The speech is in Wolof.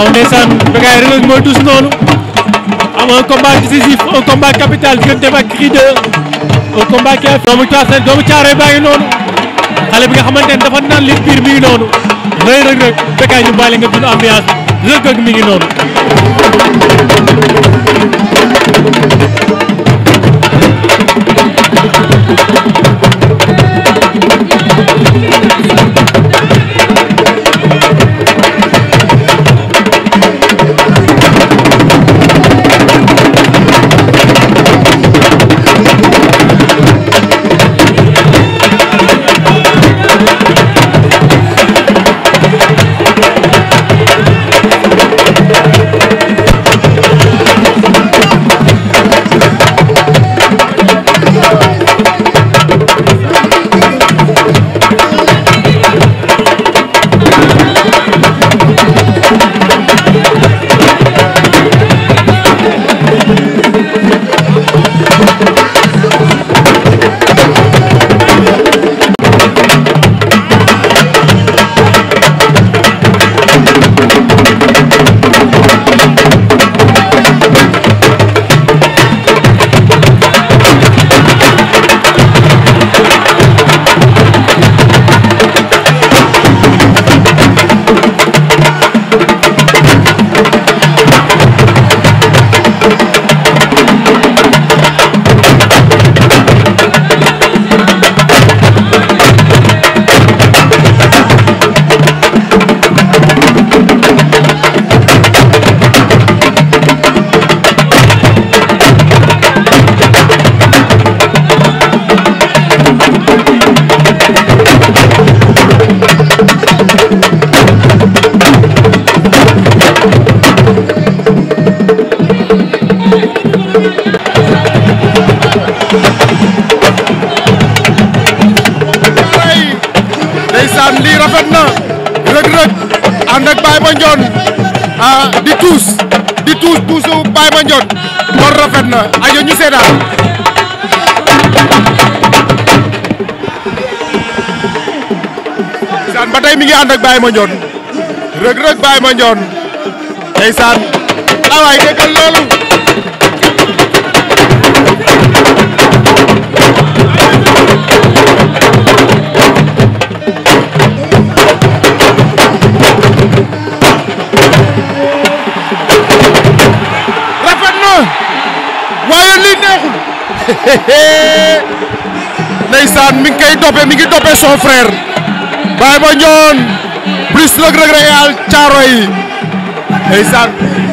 waaw ndeysaan Bécaye Reug Reug mooy tous noonu am un combat décisif un combat capital digganteem ak Gris 2 un combat qui a doomu caaseen doomu caaree baa ngi noonu xale bi nga xamante ne dafa naan li biir mi ngi noonu rëy Reug Reug Bécaye ñu bàyyi nga dund ambiance Reug Reug mi ngi noonu. rafetna Reug Reug ànd ak Baye ndion ah di tous di tous tous Baye ba ndion rafet rafetna ayo ñu seetaan san batay mi ngi ànd ak Baye ndion Reug Reug Baye ndion Mandione ndeysaan ah, way dekkal lolu ndeysaan mi ngi koy toppee mi ngi toppee son frère Baye Mandione plus Reug yi ndeysaan